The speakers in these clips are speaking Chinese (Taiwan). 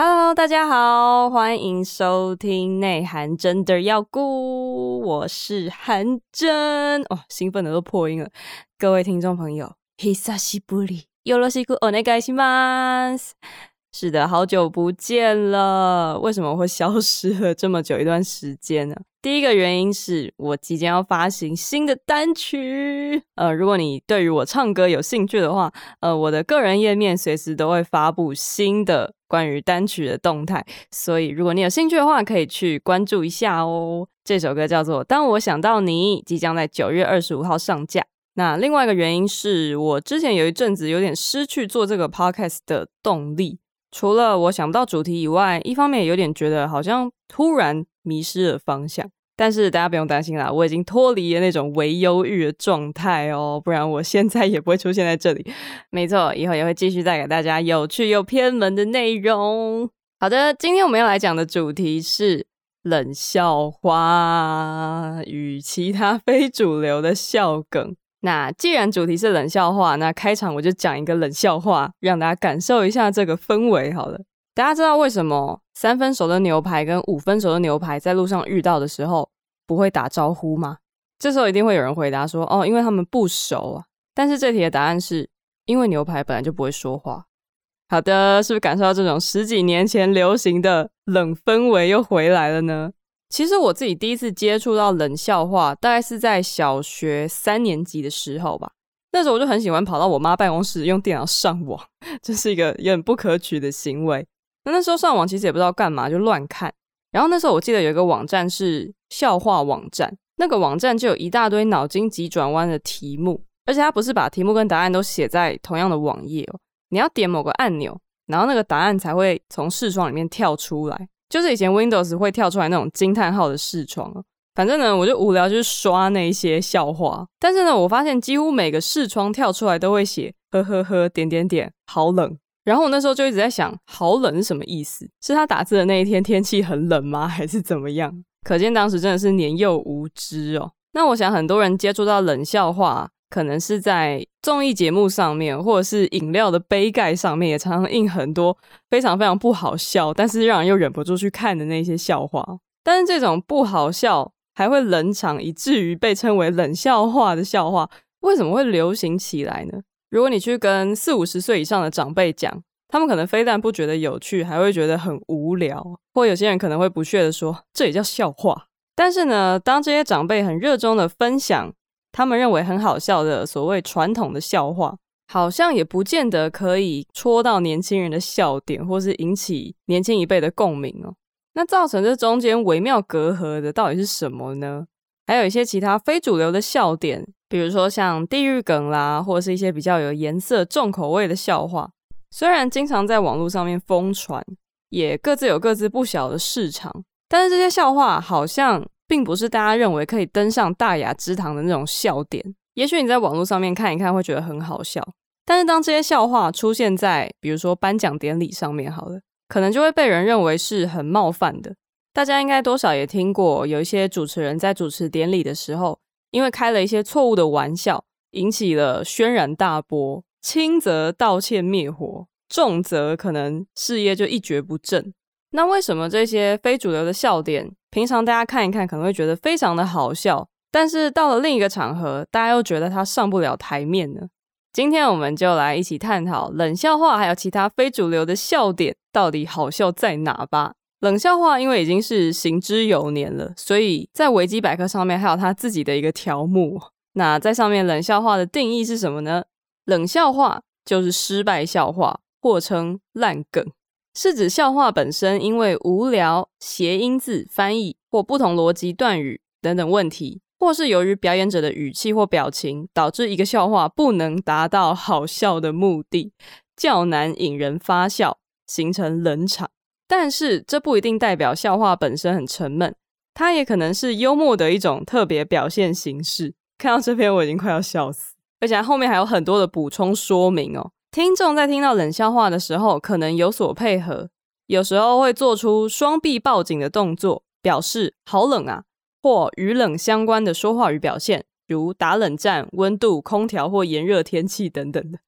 Hello，大家好，歡迎收聽內涵真的要顧，我是韓真，哦，興奮的都破音了。各位聽眾朋友 Hisashiburi，yoroshiku onegaishimasu，是的，好久不見了，為什麼我會消失了這麼久一段時間呢、啊？第一個原因是，我即將要發行新的單曲。呃，如果你對於我唱歌有興趣的話，呃，我的個人頁面隨時都會發布新的關於單曲的動態，所以如果你有興趣的話，可以去關注一下哦。這首歌叫做《當我想到你》，即將在九月二十五號上架。那另外一個原因是我之前有一陣子有點失去做這個 podcast 的動力，除了我想不到主題以外，一方面有點覺得好像突然，迷失了方向，但是大家不用擔心啦，我已經脫離了那種微憂鬱的狀態哦，不然我現在也不會出現在這裡。沒錯，以後也會繼續帶給大家有趣又偏門的內容。好的，今天我們要來講的主題是冷笑話與其他非主流的笑梗。那既然主題是冷笑話，那開場我就講一個冷笑話，讓大家感受一下這個氛圍。好了。大家知道為什麼三分熟的牛排跟五分熟的牛排在路上遇到的時候不會打招呼嗎？這時候一定會有人回答說：“哦，因為他們不熟啊。”但是這題的答案是因為牛排本來就不會說話。好的，是不是感受到這種十幾年前流行的冷氛圍又回來了呢？其實我自己第一次接觸到冷笑話，大概是在小學三年級的時候吧。那時候我就很喜歡跑到我媽辦公室用電腦上網，這是一個很不可取的行為。那時候上網其實也不知道幹嘛，就亂看。然後那時候我記得有一個網站是笑話網站，那個網站就有一大堆腦筋急轉彎的題目，而且它不是把題目跟答案都寫在同樣的網頁哦，你要點某個按鈕，然後那個答案才會從視窗裡面跳出來，就是以前 Windows 會跳出來那種驚嘆號的視窗哦。反正呢，我就無聊，就是刷那一些笑話。但是呢，我發現幾乎每個視窗跳出來都會寫呵呵呵，點點點，好冷。然後我那時候就一直在想，好冷是什麼意思？是他打字的那一天天氣很冷嗎？還是怎麼樣？可見當時真的是年幼無知哦。那我想很多人接觸到冷笑話，可能是在綜藝節目上面，或者是飲料的杯蓋上面，也常常印很多非常非常不好笑，但是讓人又忍不住去看的那些笑話。但是這種不好笑還會冷場，以至於被稱為冷笑話的笑話，為什麼會流行起來呢？如果你去跟四五十歲以上的長輩講，他們可能非但不覺得有趣，還會覺得很無聊，或有些人可能會不屑地說，這也叫笑話？但是呢，當這些長輩很熱衷的分享他們認為很好笑的所謂傳統的笑話，好像也不見得可以戳到年輕人的笑點，或是引起年輕一輩的共鳴哦。那造成這中間微妙隔閡的到底是什麼呢？還有一些其他非主流的笑點。比如說像地獄梗啦，或者是一些比較有顏色、重口味的笑話，雖然經常在網絡上面瘋傳，也各自有各自不小的市場。但是這些笑話好像並不是大家認為可以登上大雅之堂的那種笑點。也許你在網絡上面看一看會覺得很好笑，但是當這些笑話出現在比如說頒獎典禮上面，好了，可能就會被人認為是很冒犯的。大家應該多少也聽過，有一些主持人在主持典禮的時候。因為開了一些錯誤的玩笑，引起了軒然大波，輕則道歉滅火，重則可能事業就一蹶不振。那為什麼這些非主流的笑點，平常大家看一看可能會覺得非常的好笑，但是到了另一個場合，大家又覺得它上不了台面呢？今天我們就來一起探討冷笑話還有其他非主流的笑點到底好笑在哪吧。冷笑話因為已經是行之有年了，所以在維基百科上面還有它自己的一個條目。那在上面，冷笑話的定義是什麼呢？冷笑話就是失敗笑話，或稱爛梗，是指笑話本身因為無聊、諧音字翻譯或不同邏輯斷語等等問題，或是由於表演者的語氣或表情，導致一個笑話不能達到好笑的目的，較難引人發笑，形成冷場。但是這不一定代表笑話本身很沉悶，它也可能是幽默的一種特別表現形式。看到這篇我已經快要笑死，而且後面還有很多的補充說明哦。聽眾在聽到冷笑話的時候，可能有所配合，有時候會做出雙臂抱緊的動作，表示“好冷啊”或與冷相關的說話與表現，如打冷戰、溫度、空調或炎熱天氣等等的。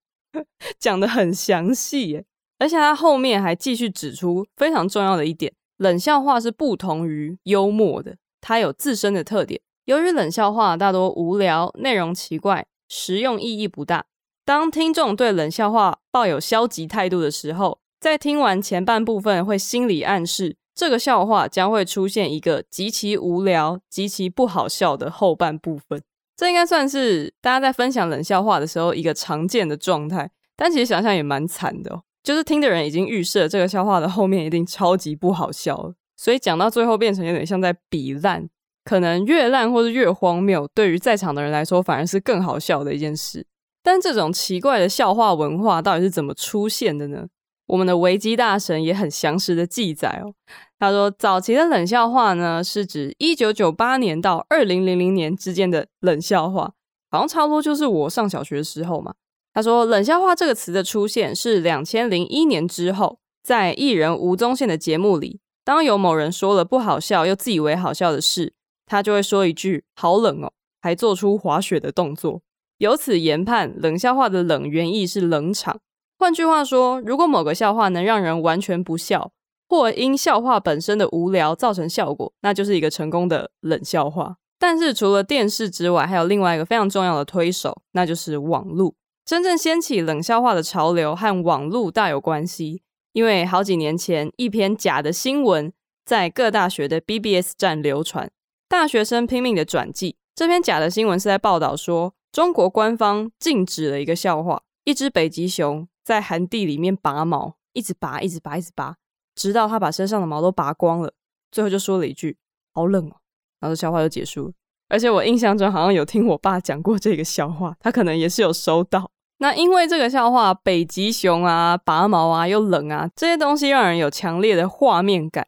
講得很詳細耶。而且他後面還繼續指出非常重要的一點：冷笑話是不同於幽默的，它有自身的特點。由於冷笑話大多無聊，內容奇怪，實用意義不大。當聽眾對冷笑話抱有消極態度的時候，在聽完前半部分會心理暗示，這個笑話將會出現一個極其無聊、極其不好笑的後半部分。這應該算是大家在分享冷笑話的時候一個常見的狀態。但其實想想也蠻慘的哦。就是聽的人已經預設這個笑話的後面一定超級不好笑了，所以講到最後變成有點像在比爛，可能越爛或是越荒謬，對於在場的人來說反而是更好笑的一件事。但這種奇怪的笑話文化到底是怎麼出現的呢？我們的維基大神也很詳實的記載哦。他說，早期的冷笑話呢，是指一九九八年到二零零零年之間的冷笑話，好像差不多就是我上小學的時候嘛。他說：“冷笑話這個詞的出現是兩千零一年之後，在藝人吳宗憲的節目裡，當有某人說了不好笑又自以為好笑的事，他就會說一句‘好冷哦’，還做出滑雪的動作。由此研判，冷笑話的‘冷’原意是冷場。換句話說，如果某個笑話能讓人完全不笑，或因笑話本身的無聊造成效果，那就是一個成功的冷笑話。但是除了電視之外，還有另外一個非常重要的推手，那就是網路。”真正掀起冷笑話的潮流和網路大有關係，因為好幾年前一篇假的新聞在各大學的 BBS 站流傳，大學生拼命的轉寄這篇假的新聞是在報道說中國官方禁止了一個笑話：一隻北極熊在寒地裡面拔毛，一直拔，一直拔，一直拔，直，直到他把身上的毛都拔光了，最後就說了一句“好冷哦、啊”，然後笑話就結束。而且我印象中好像有聽我爸講過這個笑話，他可能也是有收到。那因為這個笑話，北極熊啊、拔毛啊、又冷啊，這些東西讓人有強烈的畫面感，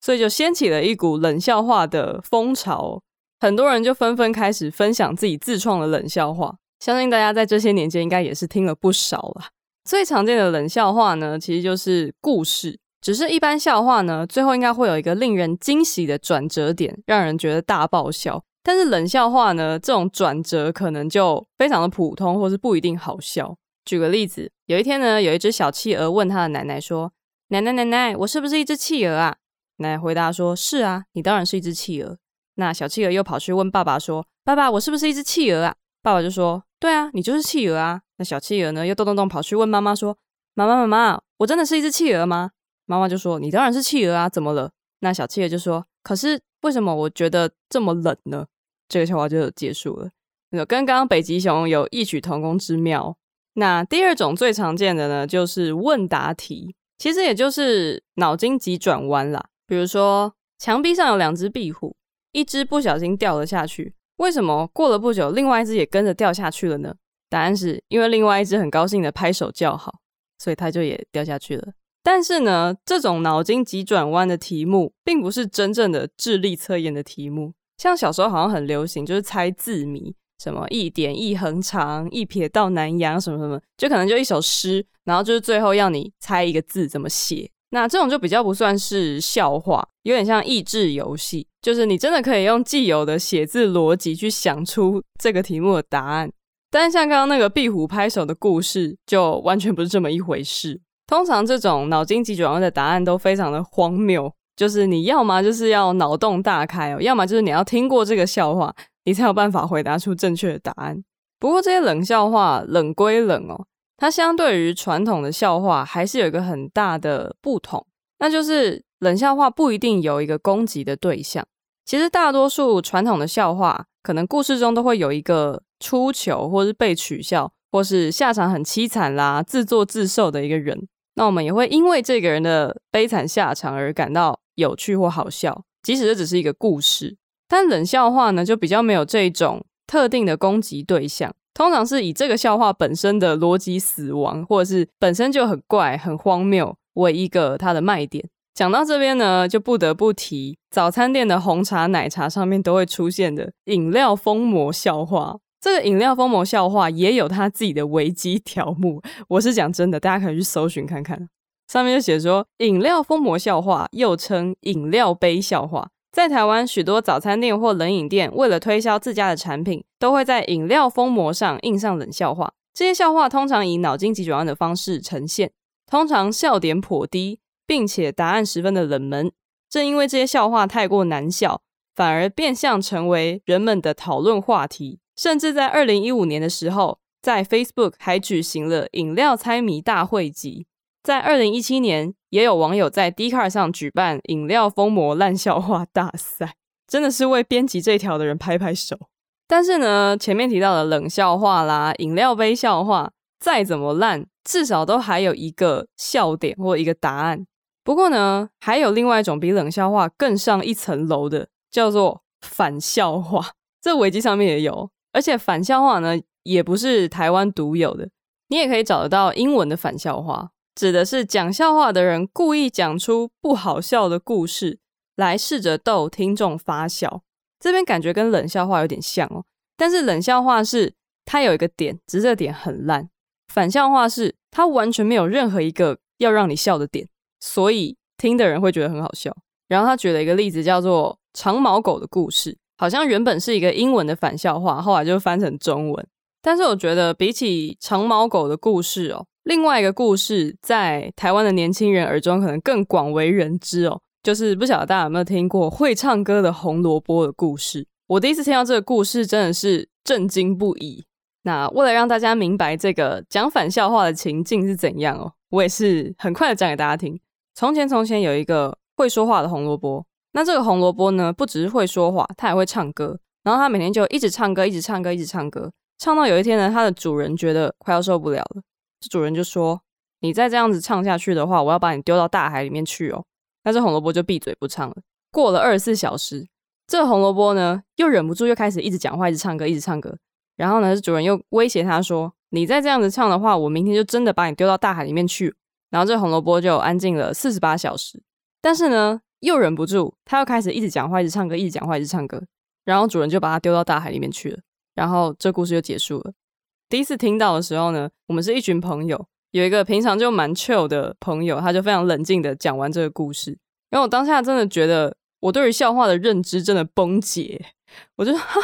所以就掀起了一股冷笑話的風潮。很多人就紛紛開始分享自己自創的冷笑話。相信大家在這些年間應該也是聽了不少了。最常見的冷笑話呢，其實就是故事，只是一般笑話呢，最後應該會有一個令人驚喜的轉折點，讓人覺得大爆笑。但是冷笑話呢？這種轉折可能就非常的普通，或是不一定好笑。舉個例子，有一天呢，有一隻小企鵝問他的奶奶說：“奶奶，奶奶，我是不是一隻企鵝啊？”奶奶回答說：“是啊，你當然是一隻企鵝。”那小企鵝又跑去問爸爸說：“爸爸，我是不是一隻企鵝啊？”爸爸就說：“對啊，你就是企鵝啊。”那小企鵝呢，又咚咚咚跑去問媽媽說：“媽媽，媽，媽媽，我真的是一隻企鵝嗎？”媽媽就說：“你當然是企鵝啊，怎麼了？”那小企鵝就說：“可是為什麼我覺得這麼冷呢？”這個笑話就有結束了，跟剛剛北極熊有異曲同工之妙。那第二種最常見的呢，就是問答題，其實也就是腦筋急轉彎啦。比如說，牆壁上有兩只壁虎，一只不小心掉了下去，為什麼過了不久，另外一只也跟着掉下去了呢？答案是因為另外一只很高興的拍手叫好，所以它就也掉下去了。但是呢，這種腦筋急轉彎的題目，並不是真正的智力測驗的題目。像小時候好像很流行，就是猜字謎，什麼一點一橫長，一撇到南陽，什麼什麼，就可能就一首詩，然後就是最後要你猜一個字怎麼寫。那這種就比較不算是笑話，有點像益智遊戲，就是你真的可以用既有的寫字邏輯去想出這個題目的答案。但是像剛剛那個壁虎拍手的故事，就完全不是這麼一回事。通常這種腦筋急轉彎的答案都非常的荒謬。就是你要麼就是要腦洞大開哦，要麼就是你要聽過這個笑話，你才有辦法回答出正確的答案。不過這些冷笑話冷歸冷哦，它相對於傳統的笑話還是有一個很大的不同，那就是冷笑話不一定有一個攻擊的對象。其實大多數傳統的笑話，可能故事中都會有一個出糗，或是被取笑，或是下場很淒慘啦，自作自受的一個人。那我們也會因為這個人的悲慘下場而感到。有趣或好笑，即使這只是一個故事，但冷笑話呢，就比較沒有這種特定的攻擊對象，通常是以這個笑話本身的邏輯死亡，或者是本身就很怪、很荒謬為一個它的賣點。講到這邊呢，就不得不提早餐店的紅茶、奶茶上面都會出現的飲料封膜笑話。這個飲料封膜笑話也有它自己的維基條目，我是講真的，大家可以去搜尋看看。上面就寫說，飲料封膜笑話又稱飲料杯笑話，在台灣許多早餐店或冷飲店，為了推銷自家的產品，都會在飲料封膜上印上冷笑話。這些笑話通常以腦筋急轉彎的方式呈現，通常笑點頗低，並且答案十分的冷門。正因為這些笑話太過難笑，反而變相成為人們的討論話題。甚至在二零一五年的時候，在 Facebook 還舉行了飲料猜謎大會集。在二零一七年，也有網友在 Dcard 上舉辦飲料封膜爛笑話大賽，真的是為編輯這條的人拍拍手。但是呢，前面提到的冷笑話啦、飲料杯笑話，再怎麼爛，至少都還有一個笑點或一個答案。不過呢，還有另外一種比冷笑話更上一層樓的，叫做反笑話。這維基上面也有，而且反笑話呢，也不是台灣獨有的，你也可以找得到英文的反笑話。指的是講笑話的人故意講出不好笑的故事來試着逗聽眾發笑，這邊感覺跟冷笑話有點像哦。但是冷笑話是它有一個點，只是這點很爛；反笑話是它完全沒有任何一個要讓你笑的點，所以聽的人會覺得很好笑。然後他舉了一個例子，叫做長毛狗的故事，好像原本是一個英文的反笑話，後來就翻成中文。但是我覺得比起長毛狗的故事哦。另外一個故事，在台灣的年輕人耳中可能更廣為人知哦，就是不曉得大家有沒有聽過會唱歌的紅蘿蔔的故事。我第一次聽到這個故事，真的是震驚不已。那為了讓大家明白這個講反笑話的情境是怎樣哦，我也是很快的講給大家聽。從前，從前有一個會說話的紅蘿蔔。那這個紅蘿蔔呢，不只是會說話，它還會唱歌。然後它每天就一直唱歌，一直唱歌，一直唱歌，唱到有一天呢，它的主人覺得快要受不了了。這主人就說：“你再這樣子唱下去的話，我要把你丟到大海裡面去哦。”那這紅蘿蔔就閉嘴不唱了。過了二十四小時，這紅蘿蔔呢又忍不住，又開始一直講話，一直唱歌，一直唱歌。然後呢，這主人又威脅他說：“你再這樣子唱的話，我明天就真的把你丟到大海裡面去。”然後這紅蘿蔔就安靜了四十八小時。但是呢，又忍不住，他又開始一直講話，一直唱歌，一直講話，一直唱歌。然後主人就把它丟到大海裡面去了。然後這故事就結束了。第一次聽到的時候呢，我們是一群朋友，有一個平常就蠻 chill 的朋友，他就非常冷靜的講完這個故事。因為我當下真的覺得我對於笑話的認知真的崩解，我就說，哈，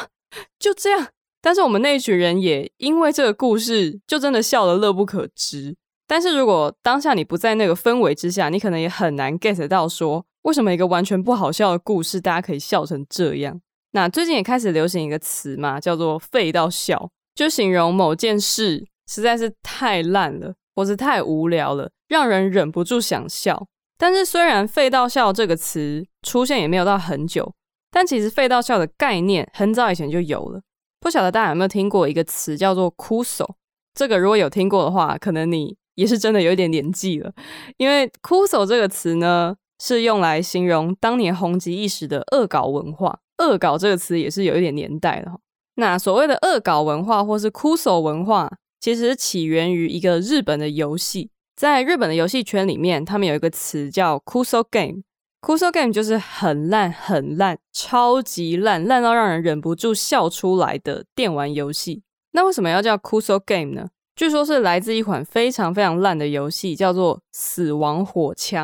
就這樣。但是我們那一群人也因為這個故事，就真的笑得樂不可支。但是如果當下你不在那個氛圍之下，你可能也很難 get 到說，為什麼一個完全不好笑的故事，大家可以笑成這樣。那最近也開始流行一個詞嘛，叫做“廢到笑”。就形容某件事實在是太爛了，或是太無聊了，讓人忍不住想笑。但是雖然“廢到笑”這個詞出現也沒有到很久，但其實“廢到笑”的概念很早以前就有了。不曉得大家有沒有聽過一個詞叫做「Kuso」？這個如果有聽過的話，可能你也是真的有一點年紀了，因為「Kuso」這個詞呢是用來形容當年紅極一時的惡搞文化。惡搞這個詞也是有一點年代的。那所謂的惡搞文化或是 KUSO 文化，其實起源於一個日本的遊戲。在日本的遊戲圈裡面，他們有一個詞叫“ KUSO game”。KUSO game 就是很爛、很爛、超級爛，爛到讓人忍不住笑出來的電玩遊戲。那為什麼要叫 KUSO game 呢？據說是來自一款非常非常爛的遊戲，叫做《死亡火槍》。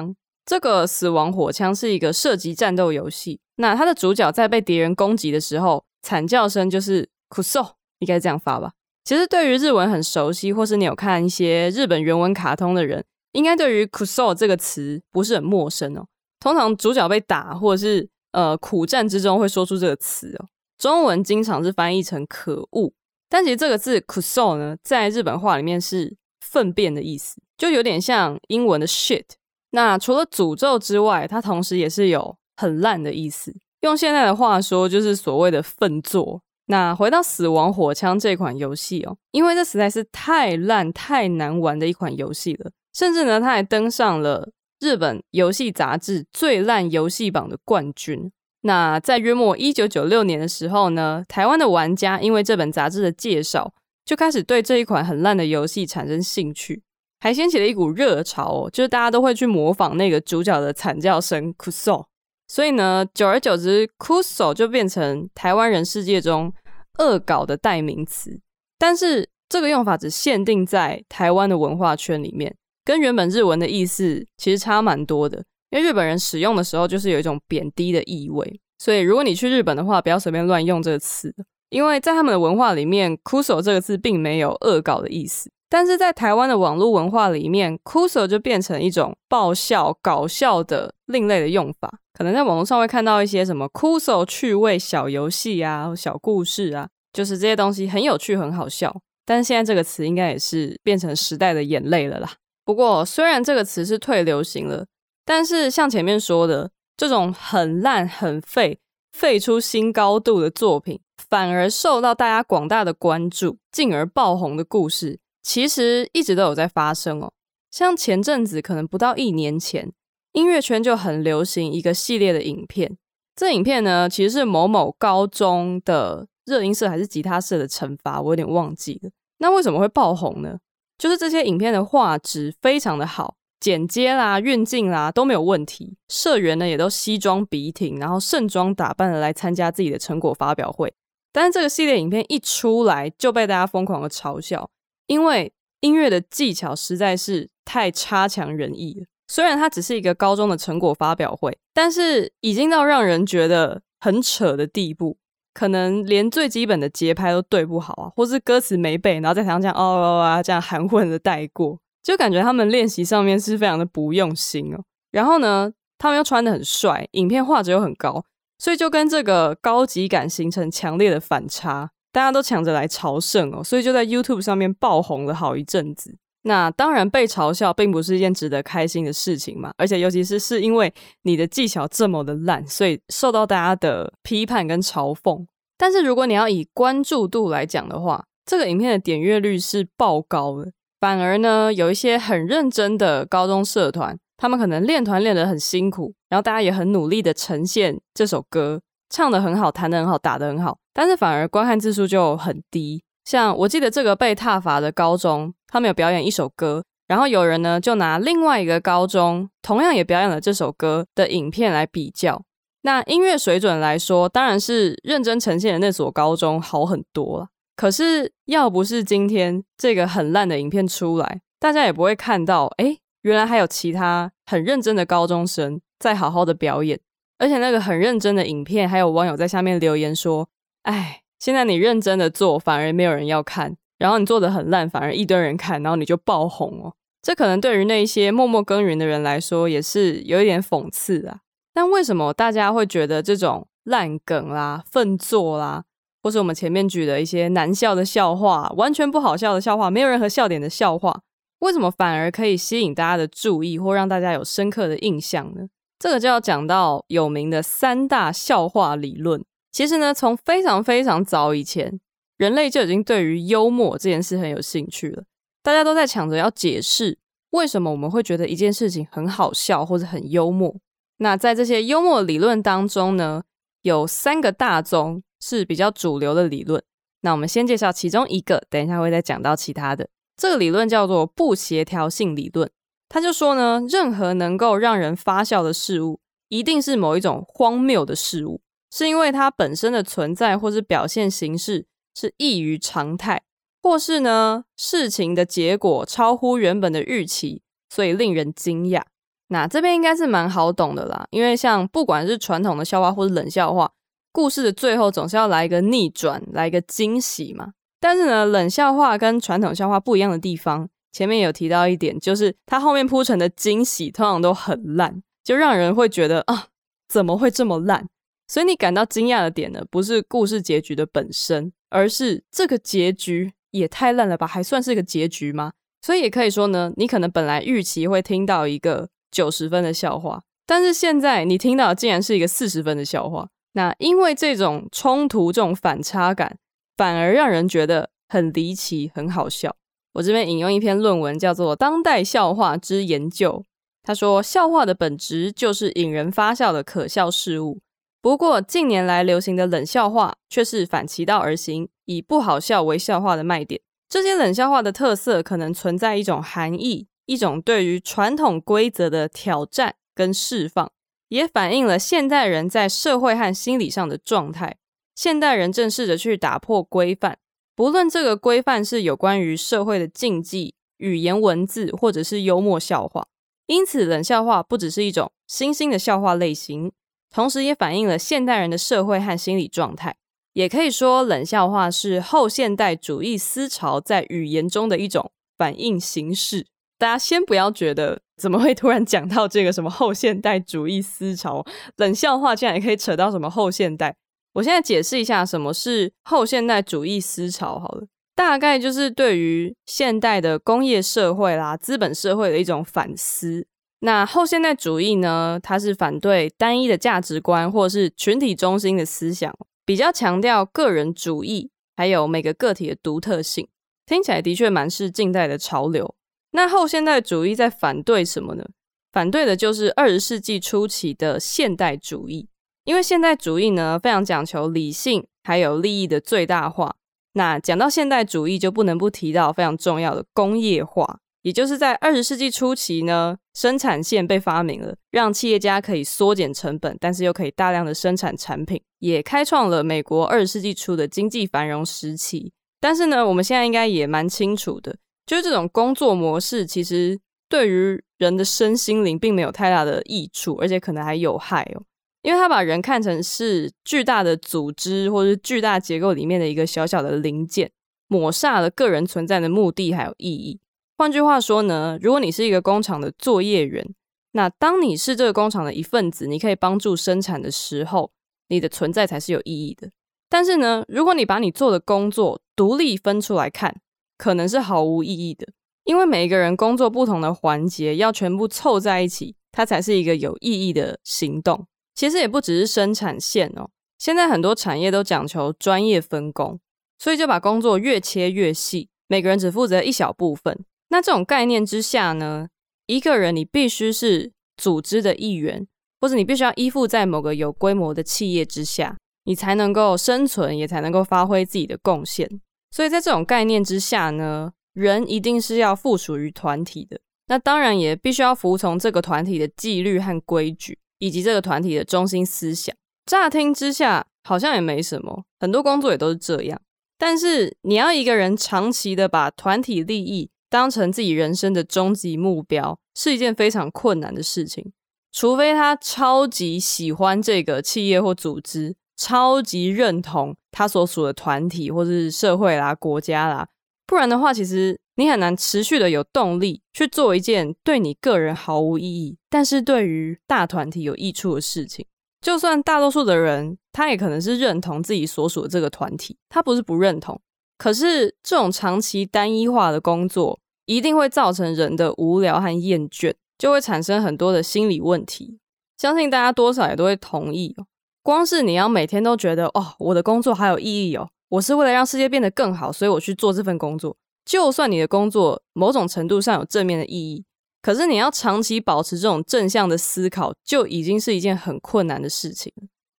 這個《死亡火槍》是一個射擊戰鬥遊戲。那它的主角在被敵人攻擊的時候，慘叫聲就是哭 u 應該這樣發吧。其實對於日文很熟悉，或是你有看一些日本原文卡通的人，應該對於哭 u 這個詞不是很陌生哦。通常主角被打或者是呃苦戰之中會說出這個詞哦。中文經常是翻譯成“可惡”，但其實這個字哭 u 呢，在日本話裡面是糞便的意思，就有點像英文的 “shit”。那除了詛咒之外，它同時也是有很爛的意思。用現在的話說，就是所謂的“糞作”。那回到《死亡火槍》這款遊戲哦，因為這實在是太爛、太難玩的一款遊戲了，甚至呢，它還登上了日本遊戲雜誌最爛遊戲榜的冠軍。那在約莫一九九六年的時候呢，台灣的玩家因為這本雜誌的介紹，就開始對這一款很爛的遊戲產生興趣，還掀起了一股熱潮哦，就是大家都會去模仿那個主角的慘叫聲“酷蘇”。所以呢，久而久之，kuso 就變成台灣人世界中惡搞的代名詞。但是這個用法只限定在台灣的文化圈裡面，跟原本日文的意思其實差蠻多的。因為日本人使用的時候，就是有一種貶低的意味。所以如果你去日本的話，不要隨便亂用這個詞，因為在他們的文化裡面，kuso 這個字並沒有惡搞的意思。但是在台灣的網絡文化裡面，“Kuso” 就變成一種爆笑、搞笑的另類的用法，可能在網絡上會看到一些什麼 “Kuso 趣味小遊戲”啊、小故事啊，就是這些東西很有趣、很好笑。但是現在這個詞應該也是變成時代的眼淚了啦。不過雖然這個詞是退流行了，但是像前面說的，這種很爛、很廢、廢出新高度的作品，反而受到大家廣大的關注，進而爆紅的故事。其實一直都有在發生哦，像前陣子可能不到一年前，音樂圈就很流行一個系列的影片。這個、影片呢，其實是某某高中的熱音社還是吉他社的成發，我有點忘記了。那為什麼會爆紅呢？就是這些影片的畫質非常的好，剪接啦、運鏡啦都沒有問題，社員呢也都西裝筆挺，然後盛裝打扮的來參加自己的成果發表會。但是這個系列影片一出來，就被大家瘋狂的嘲笑。因為音樂的技巧實在是太差強人意了，雖然它只是一個高中的成果發表會，但是已經到讓人覺得很扯的地步，可能連最基本的節拍都對不好啊，或是歌詞沒背，然後在台上這樣嗷嗷、哦哦哦、啊，這樣含混的帶過，就感覺他們練習上面是非常的不用心哦。然後呢，他們又穿的很帥，影片畫質又很高，所以就跟這個高級感形成強烈的反差。大家都搶着來朝聖哦，所以就在 YouTube 上面爆紅了好一陣子。那當然被嘲笑並不是一件值得開心的事情嘛，而且尤其是是因為你的技巧這麼的爛，所以受到大家的批判跟嘲諷。但是如果你要以關注度來講的話，這個影片的點閱率是爆高的。反而呢，有一些很認真的高中社團，他們可能練團練得很辛苦，然後大家也很努力的呈現這首歌。唱得很好，彈得很好，打得很好，但是反而觀看次數就很低。像我記得這個被撻伐的高中，他們有表演一首歌，然後有人呢就拿另外一個高中同樣也表演了這首歌的影片來比較。那音樂水準來說，當然是認真呈現的那所高中好很多了。可是要不是今天這個很爛的影片出來，大家也不會看到，哎，原來還有其他很認真的高中生在好好的表演。而且那個很認真的影片，還有網友在下面留言說：“哎，現在你認真的做，反而沒有人要看；然後你做的很爛，反而一堆人看，然後你就爆紅哦。這可能對於那一些默默耕耘的人來說，也是有一點諷刺啊。但為什麼大家會覺得這種爛梗啦、糞作啦，或是我們前面舉的一些難笑的笑話，完全不好笑的笑話，沒有任何笑點的笑話，為什麼反而可以吸引大家的注意，或讓大家有深刻的印象呢？”這個就要講到有名的三大笑話理論。其實呢，從非常非常早以前，人類就已經對於幽默這件事很有興趣了。大家都在搶着要解釋為什麼我們會覺得一件事情很好笑或者很幽默。那在這些幽默的理論當中呢，有三個大宗是比較主流的理論。那我們先介紹其中一個，等一下會再講到其他的。這個理論叫做不協調性理論。他就說呢，任何能夠讓人發笑的事物，一定是某一種荒謬的事物，是因為它本身的存在或是表現形式是異於常態，或是呢，事情的結果超乎原本的預期，所以令人驚訝。那這邊應該是蠻好懂的啦，因為像不管是傳統的笑話或是冷笑話，故事的最後總是要來一個逆轉，來一個驚喜嘛。但是呢，冷笑話跟傳統笑話不一樣的地方。前面有提到一點，就是它後面鋪陳的驚喜通常都很爛，就讓人會覺得啊，怎麼會這麼爛？所以你感到驚訝的點呢，不是故事結局的本身，而是這個結局也太爛了吧？還算是個結局嗎？所以也可以說呢，你可能本來預期會聽到一個九十分的笑話，但是現在你聽到的竟然是一個四十分的笑話。那因為這種衝突、這種反差感，反而讓人覺得很離奇、很好笑。我這邊引用一篇論文，叫做《當代笑話之研究》。他說，笑話的本質就是引人發笑的可笑事物。不過，近年來流行的冷笑話卻是反其道而行，以不好笑為笑話的賣點。這些冷笑話的特色可能存在一種含義，一種對於傳統規則的挑戰跟釋放，也反映了現代人在社會和心理上的狀態。現代人正試着去打破規範，不論這個規範是有關於社會的禁忌、語言文字，或者是幽默笑話，因此冷笑話不只是一種新興的笑話類型，同時也反映了現代人的社會和心理狀態。也可以說，冷笑話是後現代主義思潮在語言中的一種反應形式。大家先不要覺得怎麼會突然講到這個什麼後現代主義思潮，冷笑話竟然也可以扯到什麼後現代。我現在解釋一下什麼是後現代主義思潮，好了，大概就是對於現代的工業社會啦、資本社會的一種反思。那後現代主義呢，它是反對單一的價值觀或是群體中心的思想，比較強調個人主義，還有每個個體的獨特性。聽起來的確蠻是近代的潮流。那後現代主義在反對什麼呢？反對的就是二十世紀初期的現代主義。因為現代主義呢，非常講求理性，還有利益的最大化。那講到現代主義，就不能不提到非常重要的工業化，也就是在二十世紀初期呢，生產線被發明了，讓企業家可以縮減成本，但是又可以大量的生產產品，也開創了美國二十世紀初的經濟繁榮時期。但是呢，我們現在應該也蠻清楚的，就是這種工作模式其實對於人的身心靈並沒有太大的益處，而且可能還有害哦。因為他把人看成是巨大的組織或是巨大結構裡面的一個小小的零件，抹煞了個人存在的目的還有意義。換句話說呢，如果你是一個工廠的作業員，那當你是這個工廠的一份子，你可以幫助生產的時候，你的存在才是有意義的。但是呢，如果你把你做的工作獨立分出來看，可能是毫無意義的，因為每一個人工作不同的環節，要全部湊在一起，它才是一個有意義的行動。其實也不只是生產線哦，現在很多產業都講求專業分工，所以就把工作越切越細，每個人只負責一小部分。那這種概念之下呢，一個人你必須是組織的一員，或者你必須要依附在某個有規模的企業之下，你才能夠生存，也才能夠發揮自己的貢獻。所以在這種概念之下呢，人一定是要附屬於團體的，那當然也必須要服從這個團體的紀律和規矩。以及這個團體的中心思想，乍聽之下好像也沒什麼，很多工作也都是這樣。但是你要一個人長期的把團體利益當成自己人生的終極目標，是一件非常困難的事情。除非他超級喜歡這個企業或組織，超級認同他所屬的團體或者是社會啦、國家啦，不然的話，其實。你很難持續的有動力去做一件對你個人毫無意義，但是對於大團體有益處的事情。就算大多數的人，他也可能是認同自己所屬的這個團體，他不是不認同。可是這種長期單一化的工作，一定會造成人的無聊和厭倦，就會產生很多的心理問題。相信大家多少也都會同意哦。光是你要每天都覺得哦，我的工作還有意義哦，我是為了讓世界變得更好，所以我去做這份工作。就算你的工作某種程度上有正面的意義，可是你要長期保持這種正向的思考，就已經是一件很困難的事情。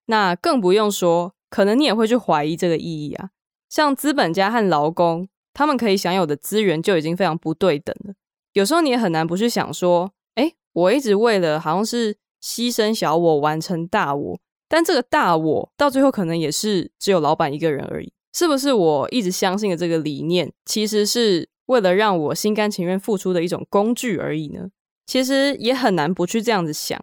那更不用說，可能你也會去懷疑這個意義啊。像資本家和勞工，他們可以享有的資源就已經非常不對等了。有時候你也很難不去想說，哎，我一直為了好像是犧牲小我完成大我，但這個大我到最後可能也是只有老闆一個人而已。是不是我一直相信的這個理念，其實是為了讓我心甘情願付出的一種工具而已呢？其實也很難不去這樣子想。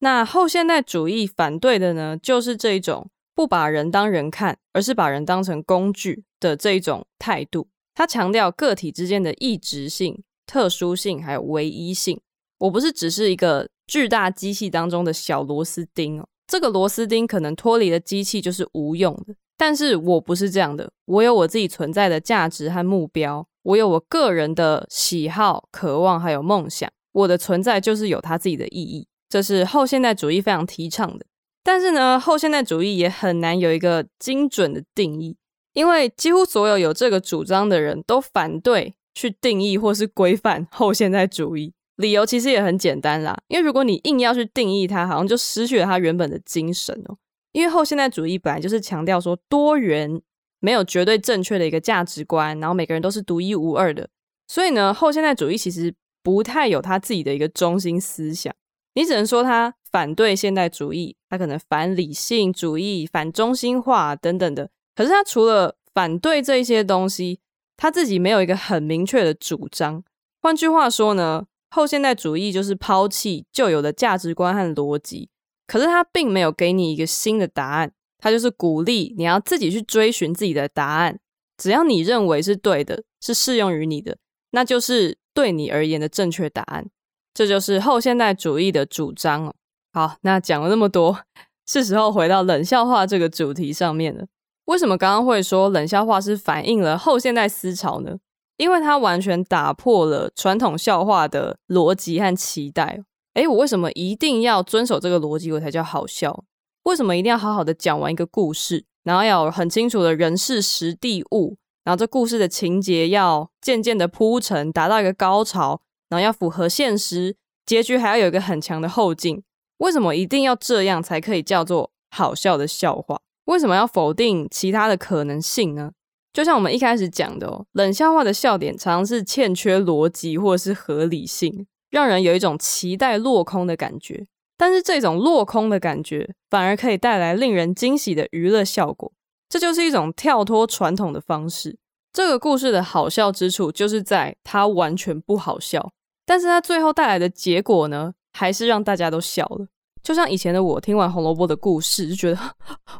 那後現代主義反對的呢，就是這種不把人當人看，而是把人當成工具的這種態度。它強調個體之間的異質性、特殊性還有唯一性。我不是只是一個巨大機器當中的小螺絲釘哦，這個螺絲釘可能脫離了機器就是無用的。但是我不是這樣的，我有我自己存在的價值和目標，我有我個人的喜好、渴望還有夢想，我的存在就是有它自己的意義，這是後現代主義非常提倡的。但是呢，後現代主義也很難有一個精準的定義，因為幾乎所有有這個主張的人都反對去定義或是規範後現代主義，理由其實也很簡單啦，因為如果你硬要去定義它，好像就失去了它原本的精神哦。因為後現代主義本來就是強調說多元，沒有絕對正確的一個價值觀，然後每個人都是獨一無二的，所以呢，後現代主義其實不太有他自己的一個中心思想。你只能說他反對現代主義，他可能反理性主義、反中心化等等的。可是他除了反對這一些東西，他自己沒有一個很明確的主張。換句話說呢，後現代主義就是拋棄舊有的價值觀和邏輯。可是他並沒有給你一個新的答案，他就是鼓勵你要自己去追尋自己的答案。只要你認為是對的，是適用於你的，那就是對你而言的正確答案。這就是後現代主義的主張哦。好，那講了那麼多，是時候回到冷笑話這個主題上面了。為什麼剛剛會說冷笑話是反映了後現代思潮呢？因為它完全打破了傳統笑話的邏輯和期待。哎，我為什麼一定要遵守這個邏輯，我才叫好笑？為什麼一定要好好的講完一個故事，然後要很清楚的人事時地物，然後這故事的情節要漸漸的鋪陳，達到一個高潮，然後要符合現實，結局還要有一個很強的後勁？為什麼一定要這樣才可以叫做好笑的笑話？為什麼要否定其他的可能性呢？就像我們一開始講的哦，冷笑話的笑點常常是欠缺邏輯或者是合理性。讓人有一種期待落空的感覺，但是這種落空的感覺反而可以帶來令人驚喜的娛樂效果。這就是一種跳脫傳統的方式。這個故事的好笑之處，就是在它完全不好笑，但是它最後帶來的結果呢，還是讓大家都笑了。就像以前的我，聽完紅蘿蔔的故事就覺得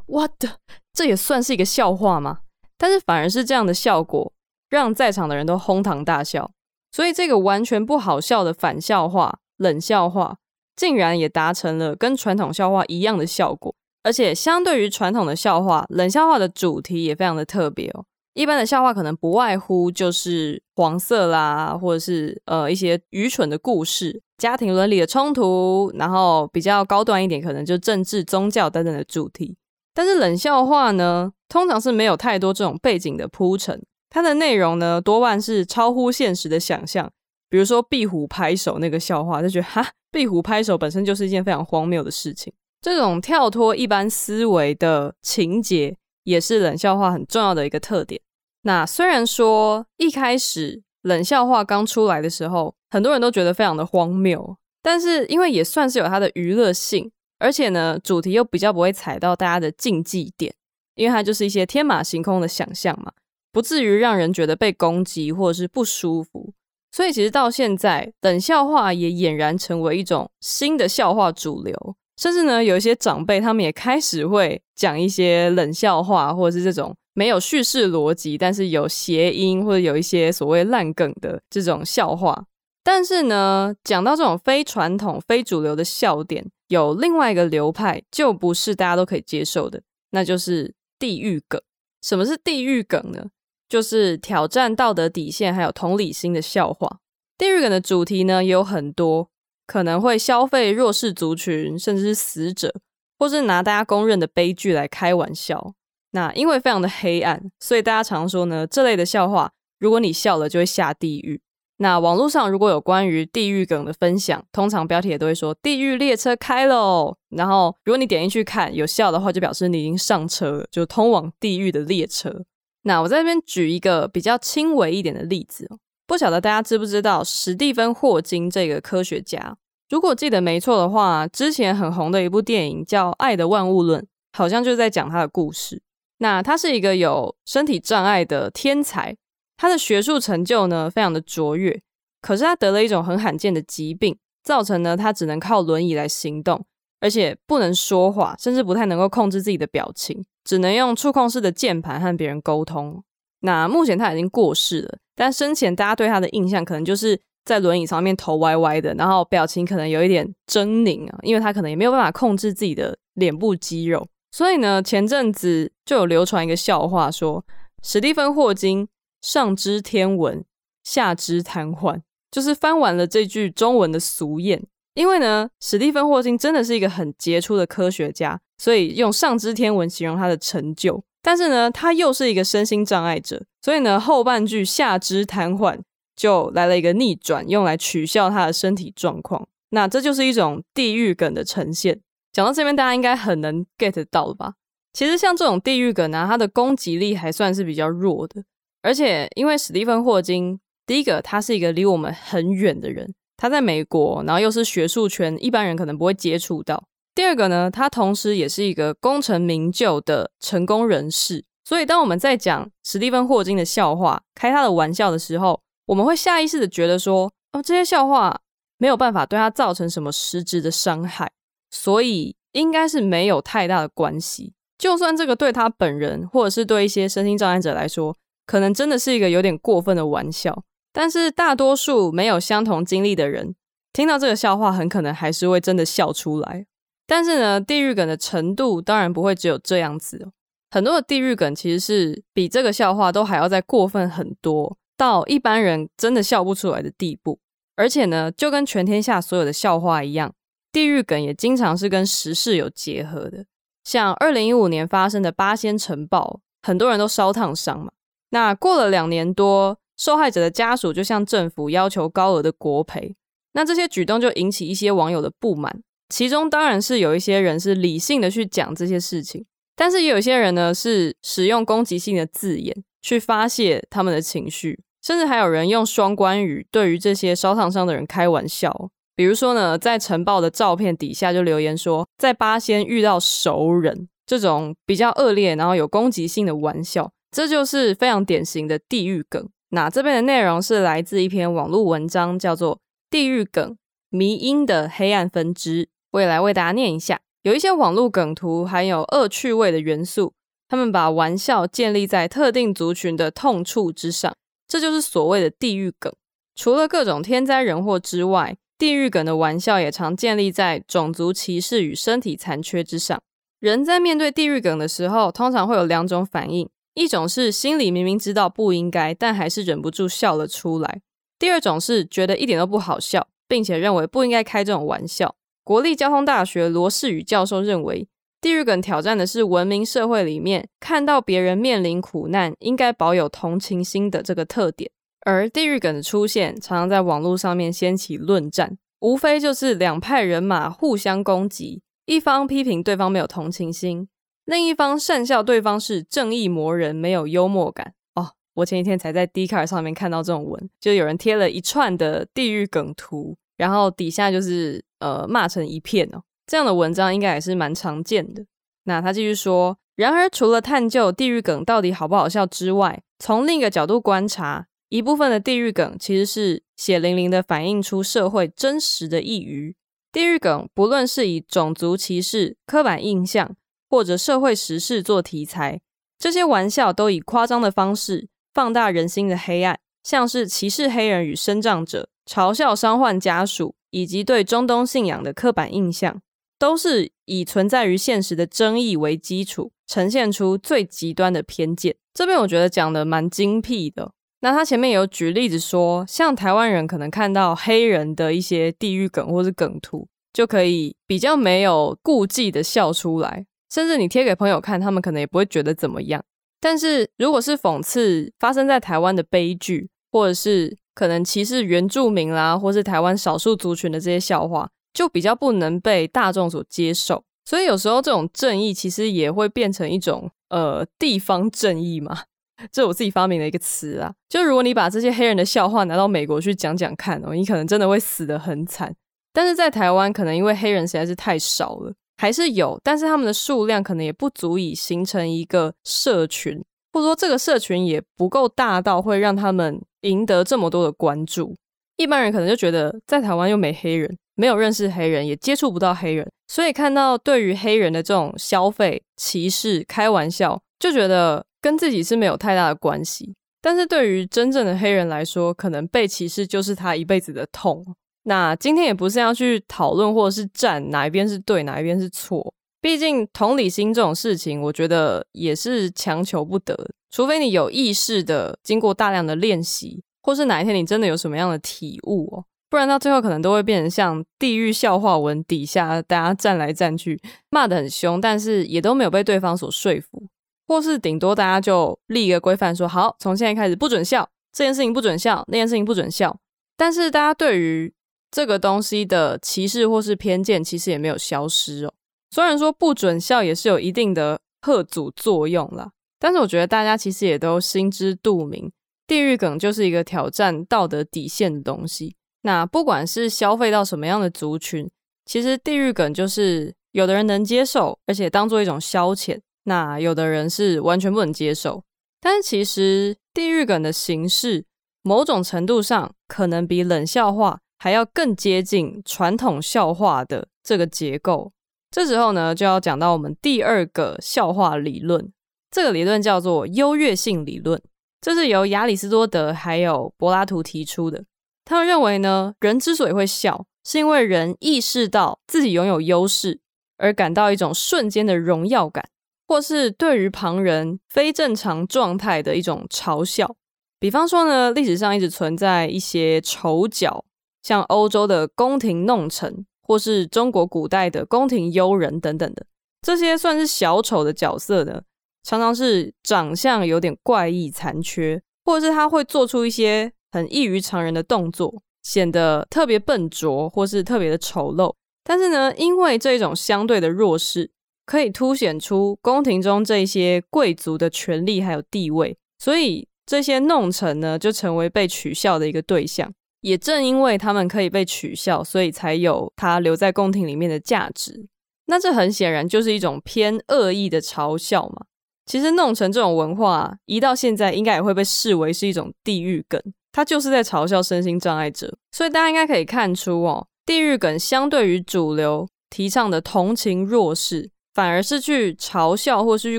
，what the? 這也算是一個笑話嗎？但是反而是這樣的效果，讓在場的人都哄堂大笑。所以，這個完全不好笑的反笑話、冷笑話，竟然也達成了跟傳統笑話一樣的效果。而且，相對於傳統的笑話，冷笑話的主題也非常的特別哦。一般的笑話可能不外乎就是黃色啦，或者是呃一些愚蠢的故事、家庭倫理的衝突，然後比較高端一點，可能就政治、宗教等等的主題。但是冷笑話呢，通常是沒有太多這種背景的鋪陳。它的內容呢，多半是超乎現實的想象，比如說壁虎拍手那個笑話，就覺得哈，壁虎拍手本身就是一件非常荒謬的事情。這種跳脫一般思維的情節，也是冷笑話很重要的一個特點。那雖然說一開始冷笑話剛出來的時候，很多人都覺得非常的荒謬，但是因為也算是有它的娛樂性，而且呢，主題又比較不會踩到大家的禁忌點，因為它就是一些天馬行空的想象嘛。不至於讓人覺得被攻擊或者是不舒服，所以其實到現在冷笑話也儼然成為一種新的笑話主流，甚至呢有一些長輩他們也開始會講一些冷笑話，或者是這種沒有敘事邏輯，但是有諧音或者有一些所謂爛梗的這種笑話。但是呢，講到這種非傳統、非主流的笑點，有另外一個流派就不是大家都可以接受的，那就是地獄梗。什麼是地獄梗呢？就是挑戰道德底線還有同理心的笑話。地獄梗的主題呢也有很多，可能會消費弱勢族群，甚至是死者，或是拿大家公認的悲劇來開玩笑。那因為非常的黑暗，所以大家常說呢，這類的笑話，如果你笑了就會下地獄。那網絡上如果有關於地獄梗的分享，通常標題也都會說“地獄列車開嘍”。然後如果你點進去看，有笑的話，就表示你已經上車了，就通往地獄的列車。那我在這邊舉一個比較輕微一點的例子，不曉得大家知不知道史蒂芬霍金這個科學家？如果記得沒錯的話，之前很紅的一部電影叫《愛的萬物論》，好像就在講他的故事。那他是一個有身體障礙的天才，他的學術成就呢非常的卓越，可是他得了一種很罕見的疾病，造成呢他只能靠輪椅來行動。而且不能說話，甚至不太能夠控制自己的表情，只能用觸控式的鍵盤和別人溝通。那目前他已經過世了，但生前大家對他的印象可能就是在輪椅上面頭歪歪的，然後表情可能有一點猙獰啊，因為他可能也沒有辦法控制自己的臉部肌肉。所以呢，前陣子就有流傳一個笑話說，說史蒂芬霍金上知天文，下肢癱瘓，就是翻完了這句中文的俗諺。因為呢，史蒂芬霍金真的是一個很傑出的科學家，所以用上知天文形容他的成就。但是呢，他又是一個身心障礙者，所以呢，後半句下肢癱瘓就來了一個逆轉，用來取笑他的身體狀況。那這就是一種地獄梗的呈現。講到這邊，大家應該很能 get 到了吧？其實像這種地獄梗呢、啊，它的攻擊力還算是比較弱的。而且因為史蒂芬霍金，第一個他是一個離我們很遠的人。他在美國，然後又是學術圈，一般人可能不會接觸到。第二個呢，他同時也是一個功成名就的成功人士，所以當我們在講史蒂芬霍金的笑話、開他的玩笑的時候，我們會下意識的覺得說，哦，這些笑話沒有辦法對他造成什麼實質的傷害，所以應該是沒有太大的關係。就算這個對他本人，或者是對一些身心障礙者來說，可能真的是一個有點過分的玩笑。但是大多數沒有相同經歷的人，聽到這個笑話，很可能還是會真的笑出來。但是呢，地獄梗的程度當然不會只有這樣子哦。很多的地獄梗其實是比這個笑話都還要再過分很多，到一般人真的笑不出來的地步。而且呢，就跟全天下所有的笑話一樣，地獄梗也經常是跟時事有結合的。像二零一五年發生的八仙塵爆，很多人都燒燙傷嘛。那過了兩年多。受害者的家屬就向政府要求高額的國賠，那這些舉動就引起一些網友的不滿。其中當然是有一些人是理性的去講這些事情，但是也有一些人呢是使用攻擊性的字眼去發洩他們的情緒，甚至還有人用雙關語對於這些燒燙傷的人開玩笑。比如說呢，在塵爆的照片底下就留言說在八仙遇到熟人，這種比較惡劣然後有攻擊性的玩笑，這就是非常典型的地獄梗。那這邊的內容是來自一篇網絡文章，叫做《地獄梗迷因的黑暗分支》，我也來為大家念一下。有一些網絡梗圖含有惡趣味的元素，他們把玩笑建立在特定族群的痛處之上，這就是所謂的地獄梗。除了各種天災人禍之外，地獄梗的玩笑也常建立在種族歧視與身體殘缺之上。人在面對地獄梗的時候，通常會有兩種反應。一種是心裡明明知道不應該，但還是忍不住笑了出來；第二種是覺得一點都不好笑，並且認為不應該開這種玩笑。國立交通大學羅世宇教授認為，地獄梗挑戰的是文明社會裡面看到別人面臨苦難應該保有同情心的這個特點，而地獄梗的出現常常在網絡上面掀起論戰，無非就是兩派人馬互相攻擊，一方批評對方沒有同情心。另一方訕笑對方是正義魔人，沒有幽默感哦。我前幾天才在 Dcard 上面看到這種文，就有人貼了一串的地獄梗圖，然後底下就是呃罵成一片哦。這樣的文章應該也是蠻常見的。那他繼續說，然而除了探究地獄梗到底好不好笑之外，從另一個角度觀察，一部分的地獄梗其實是血淋淋的反映出社會真實的一隅。地獄梗不論是以種族歧視、刻板印象，或者社會時事做題材，這些玩笑，都以誇張的方式放大人心的黑暗，像是歧視黑人與身障者，嘲笑傷患家屬，以及對中東信仰的刻板印象，都是以存在於現實的爭議為基礎，呈現出最極端的偏見。這邊我覺得講的蠻精闢的。那他前面有舉例子說，像台灣人可能看到黑人的一些地獄梗或是梗圖，就可以比較沒有顧忌地笑出來。甚至你貼給朋友看，他們可能也不會覺得怎麼樣。但是如果是諷刺發生在台灣的悲劇，或者是可能歧視原住民啦，或是台灣少數族群的這些笑話，就比較不能被大眾所接受。所以有時候這種正義其實也會變成一種呃地方正義嘛，這我自己發明的一個詞啦。就如果你把這些黑人的笑話拿到美國去講講看哦，你可能真的會死得很慘。但是在台灣可能因為黑人實在是太少了。還是有，但是他們的數量可能也不足以形成一個社群，或者說這個社群也不夠大到會讓他們贏得這麼多的關注。一般人可能就覺得在台灣又沒黑人，沒有認識黑人，也接觸不到黑人。所以看到對於黑人的這種消費、歧視、開玩笑，就覺得跟自己是沒有太大的關係。但是對於真正的黑人來說，可能被歧視就是他一輩子的痛。那今天也不是要去討論或者是站哪一邊是對哪一邊是錯，畢竟同理心這種事情，我覺得也是強求不得，除非你有意識的經過大量的練習，或是哪一天你真的有什麼樣的體悟哦，不然到最後可能都會變成像地獄笑話文底下大家站來站去，罵得很凶，但是也都沒有被對方所說服，或是頂多大家就立一個規範說好，從現在開始不准笑，這件事情不准笑，那件事情不准笑，但是大家對於。這個東西的歧視或是偏見其實也沒有消失哦。雖然說不准笑也是有一定的嚇阻作用啦，但是我覺得大家其實也都心知肚明，地獄梗就是一個挑戰道德底線的東西。那不管是消費到什麼樣的族群，其實地獄梗就是有的人能接受，而且當做一種消遣，那有的人是完全不能接受。但是其實地獄梗的形式，某種程度上可能比冷笑話，還要更接近傳統笑話的這個結構。這時候呢，就要講到我們第二個笑話理論。這個理論叫做優越性理論，這是由亞里斯多德還有柏拉圖提出的。他們認為呢，人之所以會笑，是因為人意識到自己擁有優勢，而感到一種瞬間的榮耀感，或是對於旁人非正常狀態的一種嘲笑。比方說呢，歷史上一直存在一些丑角。像歐洲的宮廷弄臣，或是中國古代的宮廷優人等等的，這些算是小丑的角色呢，常常是長相有點怪異、殘缺，或者是他會做出一些很異於常人的動作，顯得特別笨拙，或是特別的醜陋。但是呢，因為這種相對的弱勢，可以凸顯出宮廷中這些貴族的權力還有地位，所以這些弄臣呢，就成為被取笑的一個對象。也正因為他們可以被取笑，所以才有他留在宮廷裡面的價值。那這很顯然就是一種偏惡意的嘲笑嘛。其實弄成這種文化啊，一到現在應該也會被視為是一種地獄梗。他就是在嘲笑身心障礙者，所以大家應該可以看出哦，地獄梗相對於主流提倡的同情弱勢，反而是去嘲笑或是去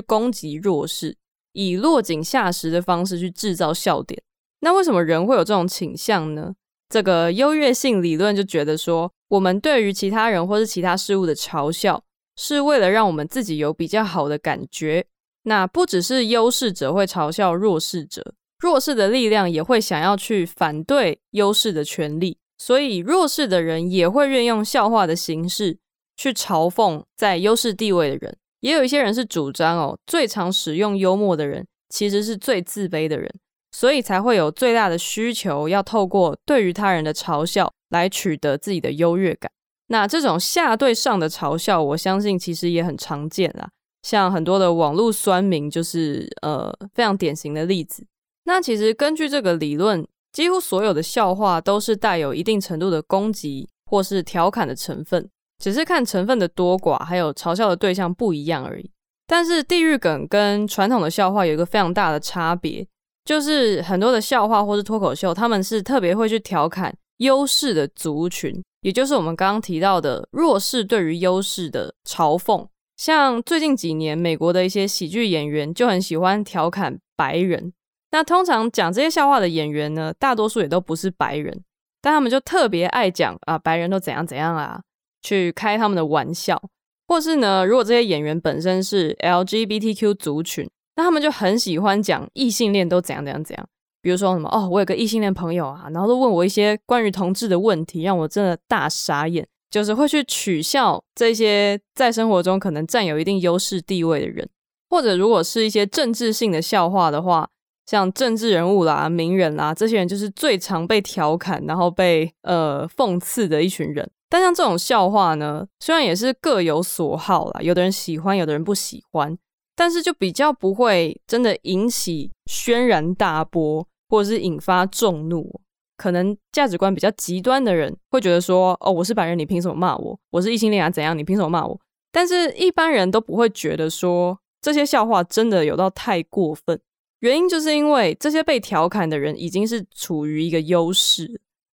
攻擊弱勢，以落井下石的方式去制造笑點。那為什麼人會有這種傾向呢？這個優越性理論就覺得說，我們對於其他人或是其他事物的嘲笑，是為了讓我們自己有比較好的感覺。那不只是優勢者會嘲笑弱勢者，弱勢的力量也會想要去反對優勢的權利，所以弱勢的人也會運用笑話的形式去嘲諷在優勢地位的人。也有一些人是主張哦，最常使用幽默的人，其實是最自卑的人。所以才會有最大的需求，要透過對於他人的嘲笑來取得自己的優越感。那這種下對上的嘲笑，我相信其實也很常見啦。像很多的網絡酸民就是呃非常典型的例子。那其實根據這個理論，幾乎所有的笑話都是帶有一定程度的攻擊或是調侃的成分，只是看成分的多寡，還有嘲笑的對象不一樣而已。但是地獄梗跟傳統的笑話有一個非常大的差別。就是很多的笑話或是脫口秀，他們是特別會去調侃優勢的族群，也就是我們剛剛提到的弱勢對於優勢的嘲諷。像最近幾年，美國的一些喜劇演員就很喜歡調侃白人。那通常講這些笑話的演員呢，大多數也都不是白人，但他們就特別愛講啊，白人都怎樣怎樣啊，去開他們的玩笑。或是呢，如果這些演員本身是 LGBTQ 族群。他們就很喜歡講異性戀都怎樣怎樣怎樣，比如說什麼哦，我有個異性戀朋友啊，然後都問我一些關於同志的問題，讓我真的大傻眼。就是會去取笑這些在生活中可能佔有一定優勢地位的人，或者如果是一些政治性的笑話的話，像政治人物啦、名人啦，這些人就是最常被調侃，然後被呃諷刺的一群人。但像這種笑話呢，雖然也是各有所好啦，有的人喜歡，有的人不喜歡。但是就比較不會真的引起軒然大波，或者是引發眾怒。可能價值觀比較極端的人會覺得說，哦，我是白人，你憑什麼罵我？我是異性戀啊，怎樣？你憑什麼罵我？但是，一般人都不會覺得說這些笑話真的有到太過分。原因就是因為這些被調侃的人已經是處於一個優勢，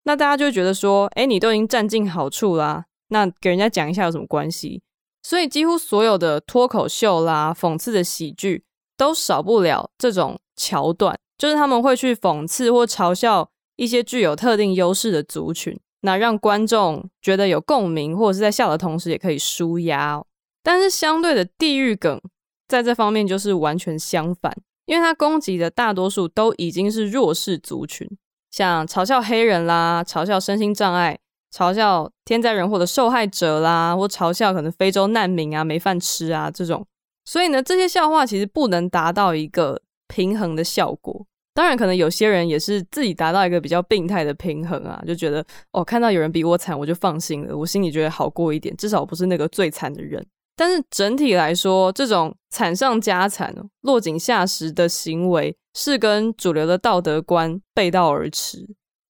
那大家就會覺得說，哎，你都已經佔盡好處啦，那給人家講一下有什麼關係？所以幾乎所有的脫口秀啦、諷刺的喜劇都少不了這種橋段，就是他們會去諷刺或嘲笑一些具有特定優勢的族群，那讓觀眾覺得有共鳴或者是在笑的同時也可以舒壓哦。但是相對的地獄梗在這方面就是完全相反，因為它攻擊的大多數都已經是弱勢族群，像嘲笑黑人啦、嘲笑身心障礙。嘲笑天災人禍的受害者啦，或嘲笑可能非洲難民啊沒飯吃啊這種，所以呢，這些笑話其實不能達到一個平衡的效果。當然，可能有些人也是自己達到一個比較病態的平衡啊，就覺得哦，看到有人比我慘，我就放心了，我心裡覺得好過一點，至少不是那個最慘的人。但是整體來說，這種慘上加慘、落井下石的行為是跟主流的道德觀背道而馳。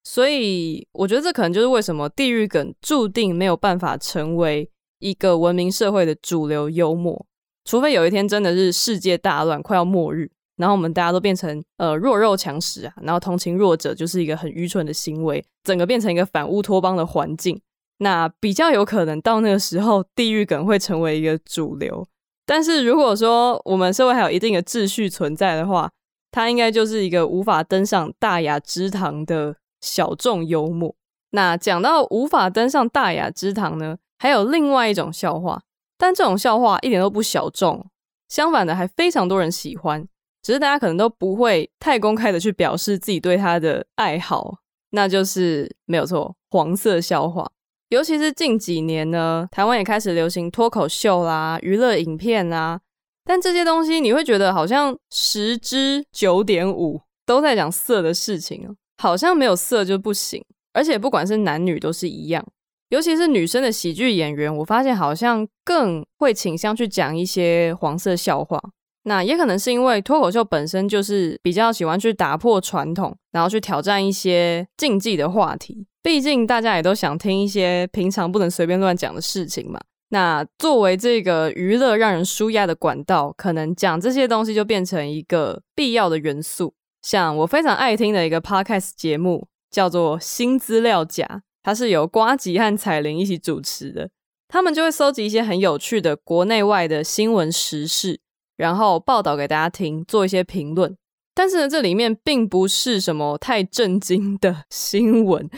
所以我覺得這可能就是為什麼地獄梗注定沒有辦法成為一個文明社會的主流幽默，除非有一天真的是世界大亂，快要末日，然後我們大家都變成呃弱肉強食啊，然後同情弱者就是一個很愚蠢的行為，整個變成一個反烏托邦的環境，那比較有可能到那個時候地獄梗會成為一個主流。但是如果說我們社會還有一定的秩序存在的話，它應該就是一個無法登上大雅之堂的。小眾幽默。那講到無法登上大雅之堂呢，還有另外一種笑話，但這種笑話一點都不小眾，相反的還非常多人喜歡，只是大家可能都不會太公開的去表示自己對他的愛好。那就是沒有錯，黃色笑話。尤其是近幾年呢，台灣也開始流行脫口秀啦、娛樂影片啦。但這些東西你會覺得好像十之九點五都在講色的事情好像沒有色就不行，而且不管是男女都是一樣，尤其是女生的喜劇演員，我發現好像更會傾向去講一些黃色笑話。那也可能是因為脫口秀本身就是比較喜歡去打破傳統，然後去挑戰一些禁忌的話題。畢竟大家也都想聽一些平常不能隨便亂講的事情嘛。那作為這個娛樂讓人舒壓的管道，可能講這些東西就變成一個必要的元素。像我非常愛聽的一個 Podcast 節目叫做《新資料夾》，它是由呱吉和彩玲一起主持的。他們就會搜集一些很有趣的國內外的新聞時事，然後報道給大家聽，做一些評論。但是呢，這裡面並不是什麼太震驚的新聞，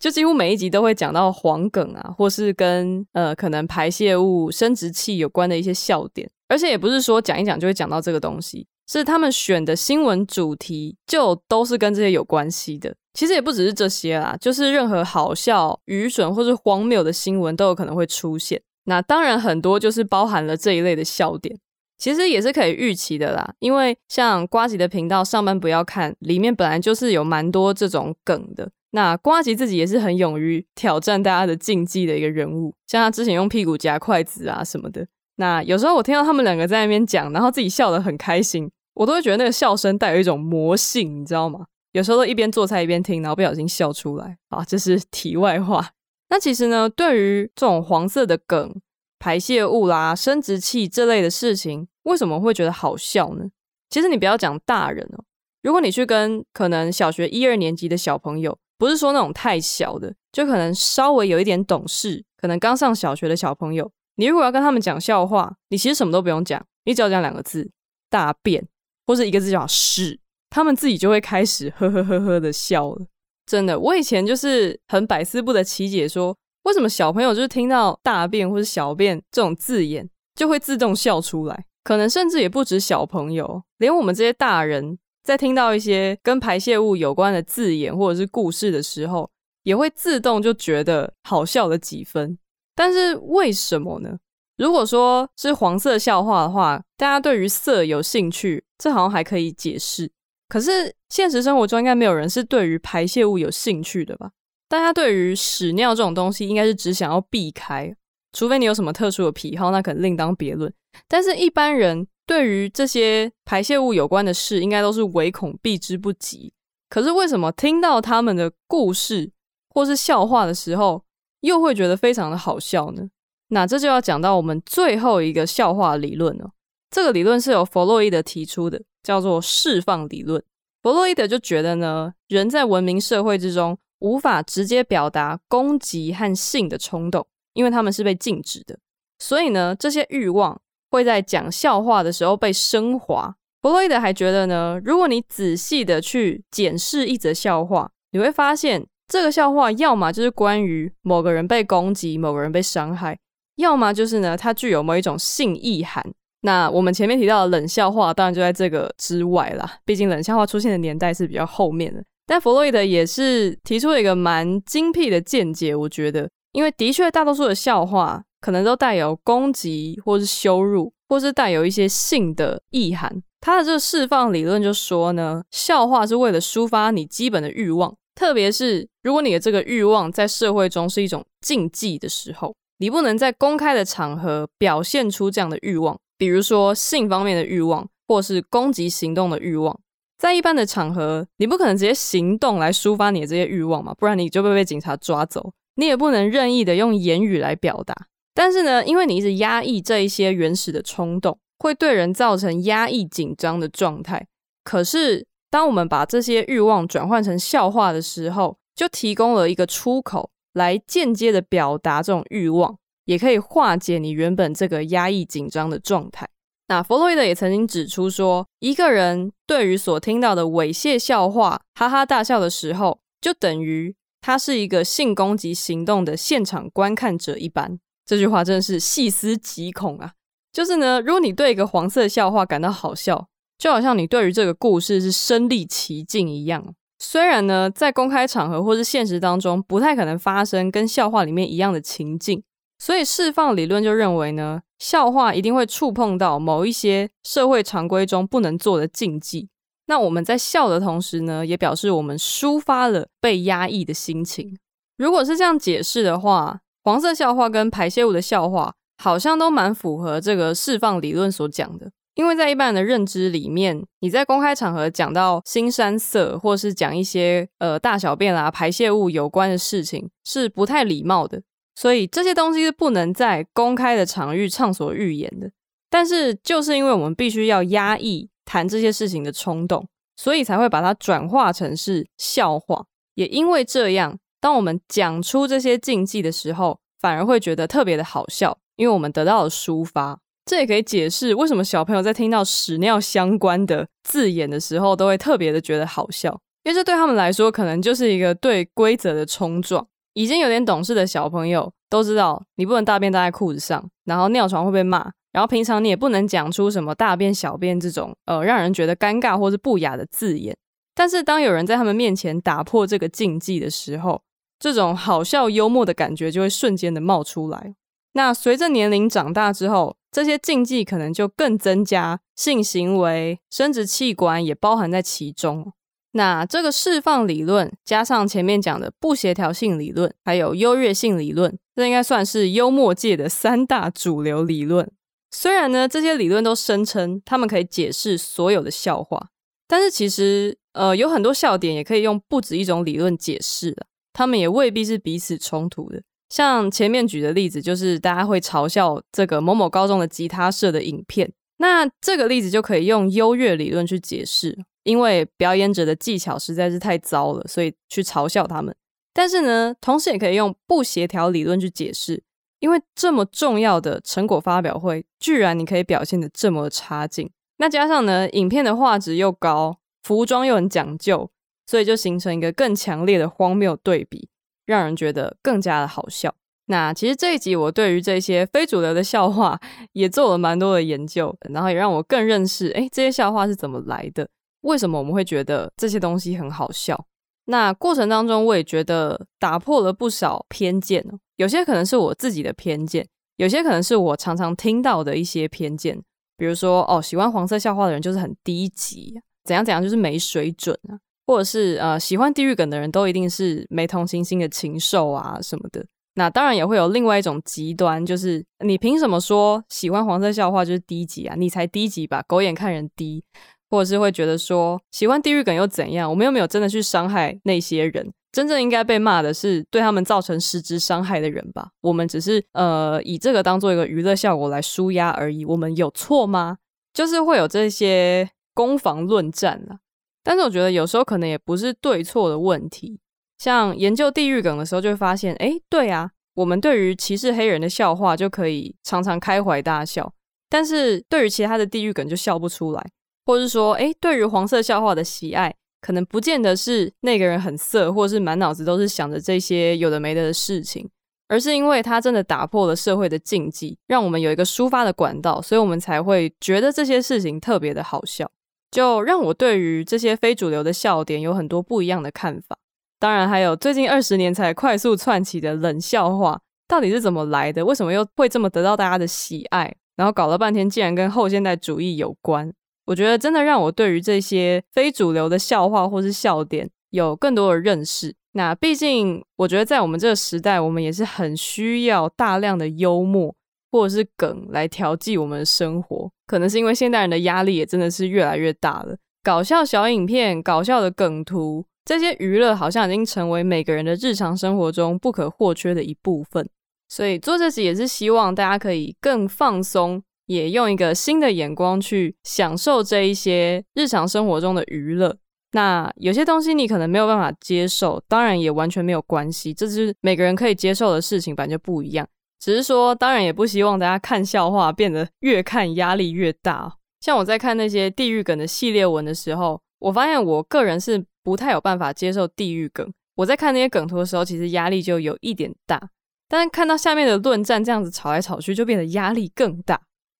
就幾乎每一集都會講到黃梗啊，或是跟呃可能排泄物、生殖器有關的一些笑點。而且也不是說講一講就會講到這個東西。是他們選的新聞主題，就都是跟這些有關係的。其實也不只是這些啦，就是任何好笑、愚蠢或是荒謬的新聞都有可能會出現。那當然，很多就是包含了這一類的笑點，其實也是可以預期的啦。因為像呱吉的頻道上班不要看，裡面本來就是有蠻多這種梗的。那呱吉自己也是很勇於挑戰大家的禁忌的一個人物，像他之前用屁股夾筷子啊什麼的。那有時候我聽到他們兩個在那邊講，然後自己笑得很開心，我都會覺得那個笑聲帶有一種魔性，你知道嗎？有時候都一邊做菜一邊聽，然後不小心笑出來。啊，這是題外話。那其實呢，對於這種黃色的梗、排泄物啦、生殖器這類的事情，為什麼會覺得好笑呢？其實你不要講大人哦。如果你去跟可能小學一二年級的小朋友，不是說那種太小的，就可能稍微有一點懂事，可能剛上小學的小朋友，你如果要跟他們講笑話，你其實什麼都不用講，你只要講兩個字：大便。或是一個字叫屎，他們自己就會開始呵呵呵呵的笑了。真的，我以前就是很百思不得其解說，說為什麼小朋友就是聽到大便或者小便這種字眼就會自動笑出來，可能甚至也不止小朋友，連我們這些大人在聽到一些跟排泄物有關的字眼或者是故事的時候，也會自動就覺得好笑了幾分。但是為什麼呢？如果說是黃色笑話的話，大家對於色有興趣，這好像還可以解釋。可是現實生活中應該沒有人是對於排泄物有興趣的吧？大家對於屎尿這種東西，應該是只想要避開，除非你有什麼特殊的癖好，那可另當別論。但是一般人對於這些排泄物有關的事，應該都是唯恐避之不及。可是為什麼聽到他們的故事或是笑話的時候，又會覺得非常的好笑呢？那這就要講到我們最後一個笑話理論了。這個理論是由弗洛伊德提出的，叫做釋放理論。弗洛伊德就覺得呢，人在文明社會之中無法直接表達攻擊和性的衝動，因為他們是被禁止的。所以呢，這些欲望會在講笑話的時候被升華。弗洛伊德還覺得呢，如果你仔細的去檢視一則笑話，你會發現這個笑話要麼就是關於某個人被攻擊，某個人被傷害。要麼就是呢，它具有某一種性意涵。那我們前面提到的冷笑話，當然就在這個之外啦，畢竟冷笑話出現的年代是比較後面的。但弗洛伊德也是提出了一個蠻精闢的見解，我覺得，因為的確大多數的笑話可能都帶有攻擊或是羞辱，或是帶有一些性的意涵。他的這個釋放理論就說呢，笑話是為了抒發你基本的欲望，特別是如果你的這個欲望在社會中是一種禁忌的時候。你不能在公開的場合表現出這樣的欲望，比如說性方面的欲望，或是攻擊行動的欲望。在一般的場合，你不可能直接行動來抒發你的這些欲望嘛，不然你就會被警察抓走。你也不能任意的用言語來表達。但是呢，因為你一直壓抑這一些原始的衝動，會對人造成壓抑緊張的狀態。可是，當我們把這些欲望轉換成笑話的時候，就提供了一個出口。來間接的表達這種慾望，也可以化解你原本這個壓抑緊張的狀態。那弗洛伊德也曾經指出說，一個人對於所聽到的猥褻笑話哈哈大笑的時候，就等於他是一個性攻擊行動的現場觀看者一般。這句話真的是細思極恐啊！就是呢，如果你對一個黃色笑話感到好笑，就好像你對於這個故事是身歷其境一樣。雖然呢，在公開場合或是現實當中，不太可能發生跟笑話裡面一樣的情境，所以釋放理論就認為呢，笑話一定會觸碰到某一些社會常規中不能做的禁忌。那我們在笑的同時呢，也表示我們抒發了被壓抑的心情。如果是這樣解釋的話，黃色笑話跟排泄物的笑話，好像都蠻符合這個釋放理論所講的。因為在一般人的認知裡面，你在公開場合講到“腥羶色”或是講一些呃大小便啊，排泄物有關的事情是不太禮貌的，所以這些東西是不能在公開的場域暢所欲言的。但是，就是因為我們必須要壓抑談這些事情的衝動，所以才會把它轉化成是笑話。也因為這樣，當我們講出這些禁忌的時候，反而會覺得特別的好笑，因為我們得到了抒發。這也可以解釋為什麼小朋友在聽到屎尿相關的字眼的時候，都會特別的覺得好笑，因為這對他們來說可能就是一個對規則的衝撞。已經有點懂事的小朋友都知道，你不能大便大在褲子上，然後尿床會被罵，然後平常你也不能講出什麼大便、小便這種呃讓人覺得尷尬或是不雅的字眼。但是當有人在他們面前打破這個禁忌的時候，這種好笑幽默的感覺就會瞬間的冒出來。那隨着年齡長大之後，這些禁忌可能就更增加性行為，生殖器官也包含在其中。那這個釋放理論加上前面講的不協調性理論，還有優越性理論，這應該算是幽默界的三大主流理論。雖然呢，這些理論都聲稱他們可以解釋所有的笑話，但是其實呃，有很多笑點也可以用不止一種理論解釋的，他們也未必是彼此衝突的。像前面舉的例子，就是大家會嘲笑這個某某高中的吉他社的影片。那這個例子就可以用優越理論去解釋，因為表演者的技巧實在是太糟了，所以去嘲笑他們。但是呢，同時也可以用不協調理論去解釋，因為這麼重要的成果發表會，居然你可以表現得這麼的差勁。那加上呢，影片的畫質又高，服裝又很講究，所以就形成一個更強烈的荒謬對比。讓人覺得更加的好笑。那其實這一集我對於這些非主流的笑話也做了蠻多的研究，然後也讓我更認識，哎，這些笑話是怎麼來的？為什麼我們會覺得這些東西很好笑？那過程當中，我也覺得打破了不少偏見。有些可能是我自己的偏見，有些可能是我常常聽到的一些偏見，比如說，哦，喜歡黃色笑話的人就是很低級，怎樣怎樣，就是沒水準啊。或者是呃，喜歡地獄梗的人都一定是沒同情心的禽獸啊什麼的。那當然也會有另外一種極端，就是你憑什麼說喜歡黃色笑話就是低級啊？你才低級吧，狗眼看人低。或者是會覺得說，喜歡地獄梗又怎樣？我們又沒有真的去傷害那些人，真正應該被罵的是對他們造成實質傷害的人吧？我們只是呃，以這個當做一個娛樂效果來舒壓而已。我們有錯嗎？就是會有這些攻防論戰啊。但是我覺得有時候可能也不是對錯的問題。像研究地獄梗的時候，就會發現，哎，對啊，我們對於歧視黑人的笑話就可以常常開懷大笑，但是對於其他的地獄梗就笑不出來。或是說，哎，對於黃色笑話的喜愛，可能不見得是那個人很色，或者是滿腦子都是想着這些有的沒的的事情，而是因為他真的打破了社會的禁忌，讓我們有一個抒發的管道，所以我們才會覺得這些事情特別的好笑。就讓我對於這些非主流的笑點有很多不一樣的看法。當然，還有最近二十年才快速竄起的冷笑話，到底是怎麼來的？為什麼又會這麼得到大家的喜愛？然後搞了半天，竟然跟後現代主義有關。我覺得真的讓我對於這些非主流的笑話或是笑點有更多的認識。那畢竟，我覺得在我們這個時代，我們也是很需要大量的幽默，或者是梗來調劑我們的生活，可能是因為現代人的壓力也真的是越來越大了。搞笑小影片、搞笑的梗圖，這些娛樂好像已經成為每個人的日常生活中不可或缺的一部分。所以做這集也是希望大家可以更放鬆，也用一個新的眼光去享受這一些日常生活中的娛樂。那有些東西你可能沒有辦法接受，當然也完全沒有關係，這是每個人可以接受的事情，反正就不一樣。只是說，當然也不希望大家看笑話變得越看壓力越大哦。像我在看那些地獄梗的系列文的時候，我發現我個人是不太有辦法接受地獄梗。我在看那些梗圖的時候，其實壓力就有一點大，但是看到下面的論戰這樣子吵來吵去，就變得壓力更大。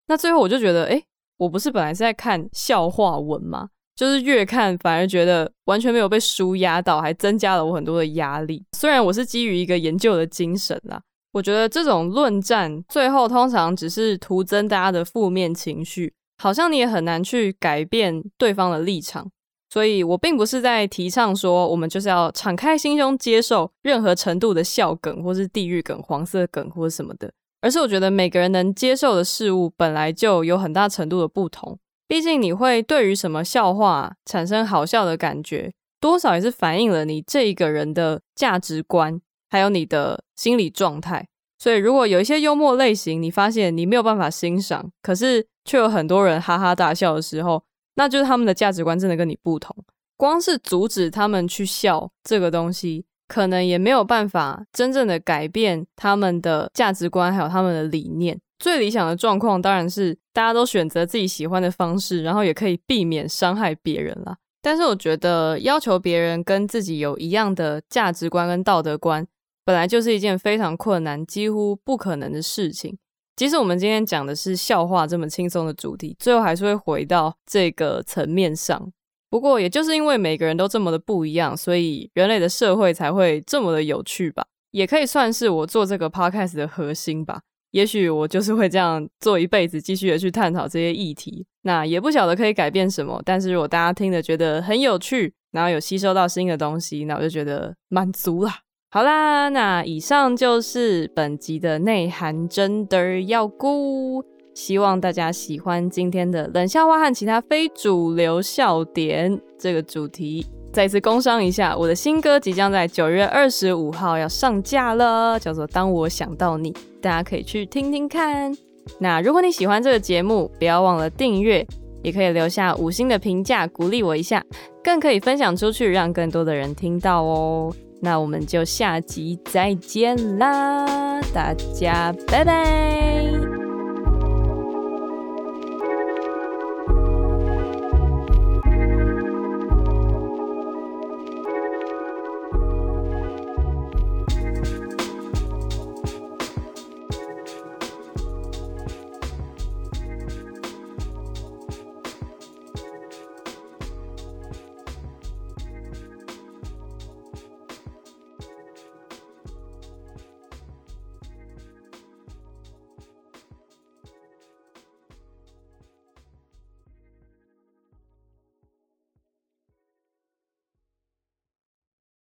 那最後我就覺得，哎，我不是本來是在看笑話文嗎？就是越看反而覺得完全沒有被舒壓到，還增加了我很多的壓力。雖然我是基於一個研究的精神啊。我覺得這種論戰最後通常只是徒增大家的負面情緒，好像你也很難去改變對方的立場。所以我並不是在提倡說，我們就是要敞開心胸接受任何程度的笑梗，或是地獄梗、黃色梗或者什麼的，而是我覺得每個人能接受的事物本來就有很大程度的不同。畢竟你會對於什麼笑話產生好笑的感覺，多少也是反映了你這一個人的價值觀。還有你的心理狀態，所以如果有一些幽默類型，你發現你沒有辦法欣賞，可是卻有很多人哈哈大笑的時候，那就是他們的價值觀真的跟你不同。光是阻止他們去笑這個東西，可能也沒有辦法真正的改變他們的價值觀，還有他們的理念。最理想的狀況當然是大家都選擇自己喜歡的方式，然後也可以避免傷害別人啦。但是我覺得要求別人跟自己有一樣的價值觀跟道德觀。本來就是一件非常困難、幾乎不可能的事情。即使我們今天講的是笑話這麼輕鬆的主題，最後還是會回到這個層面上。不過，也就是因為每個人都這麼的不一樣，所以人類的社會才會這麼的有趣吧。也可以算是我做這個 podcast 的核心吧。也許我就是會這樣做一輩子，繼續的去探討這些議題。那也不曉得可以改變什麼，但是如果大家聽的覺得很有趣，然後有吸收到新的東西，那我就覺得滿足了。好啦，那以上就是本集的內涵，真的要估。希望大家喜歡今天的冷笑話和其他非主流笑點這個主題。再一次工商一下，我的新歌即將在九月二十五號要上架了，叫做《當我想到你》，大家可以去聽聽看。那如果你喜歡這個節目，不要忘了訂閱，也可以留下五星的評價鼓勵我一下，更可以分享出去，讓更多的人聽到哦、喔。那我們就下集再見啦，大家拜拜。